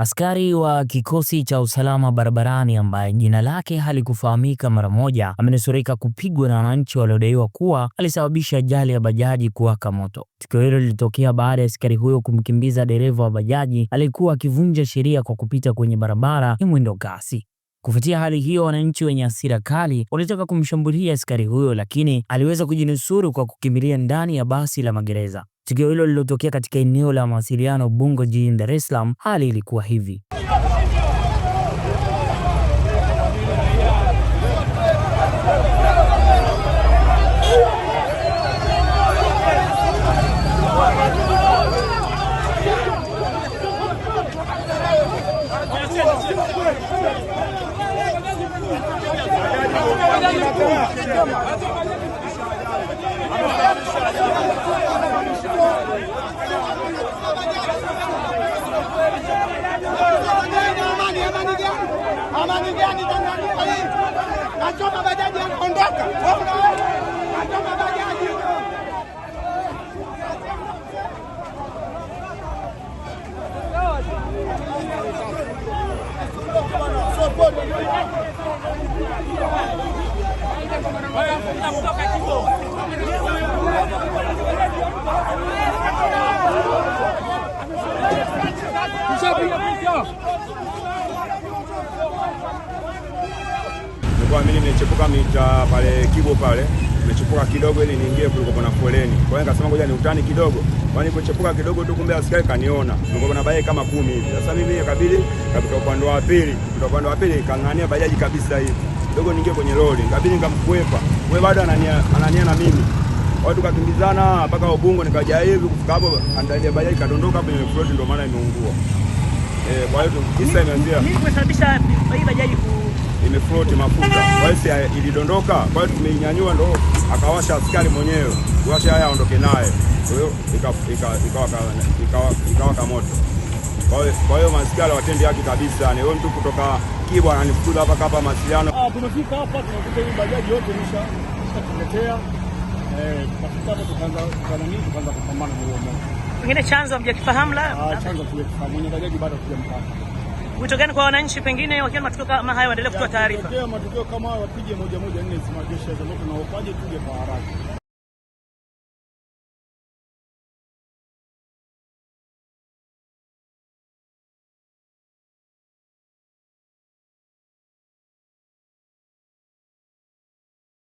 Askari wa kikosi cha usalama barabarani ambaye jina lake halikufahamika mara moja amenusurika kupigwa na wananchi waliodaiwa kuwa alisababisha ajali ya bajaji kuwaka moto. Tukio hilo lilitokea baada ya askari huyo kumkimbiza dereva wa bajaji alikuwa akivunja sheria kwa kupita kwenye barabara ya mwendo kasi. Kufuatia hali hiyo, wananchi wenye hasira kali walitaka kumshambulia askari huyo, lakini aliweza kujinusuru kwa kukimbilia ndani ya basi la magereza. Tukio hilo lilotokea katika eneo la mawasiliano Bungo jijini Dar es Salaam, hali ilikuwa hivi. amani gani Tanzania hii? Nachoma nilikuwa mimi nimechepuka mita pale Kibo pale nimechepuka kidogo ili niingie kuliko kuna foleni. Kwa hiyo nikasema ngoja niutani kidogo. Kwa nini nilipochepuka kidogo tu, kumbe askari kaniona. Nilikuwa na bajaji kama kumi hivi. Sasa mimi ikabidi kapita upande wa pili, kapita upande wa pili kang'ania bajaji kabisa hivi. Kidogo niingie kwenye lori, ikabidi nikamkwepa. Wewe bado anania, anania na mimi. Watu kakimbizana mpaka Ubungo, nikaja hivi kufika hapo, andalia bajaji kadondoka kwenye floor, ndio maana imeungua. Eh, kwa hiyo isa imeanzia. Nini kusababisha hii bajaji ku imefloti mafuta, kwa hiyo ilidondoka. Kwa hiyo tumeinyanyua, ndo akawasha askari mwenyewe kuwasha haya aondoke naye, kwa hiyo ikawaka moto. Kwa hiyo maskari watendi haki kabisa, ni wewe mtu kutoka Kibwa ananifukuza hapa kapa mawasiliano. Ah, tumefika hapa tunakuta hii bajaji yote imeshatuletea eh, tukafika hapo tukaanza kukanani tukaanza kupambana na huo moto. Pengine chanzo hamjakifahamu la ah, chanzo tulikifahamu, mwenye bajaji bado hatujamtaka. Wito gani kwa wananchi pengine wakiwa matukio kama haya waendelee kutoa taarifa? Matukio kama haya wapige moja moja nne, zimajesha zote na wapaje tuje kwa haraka.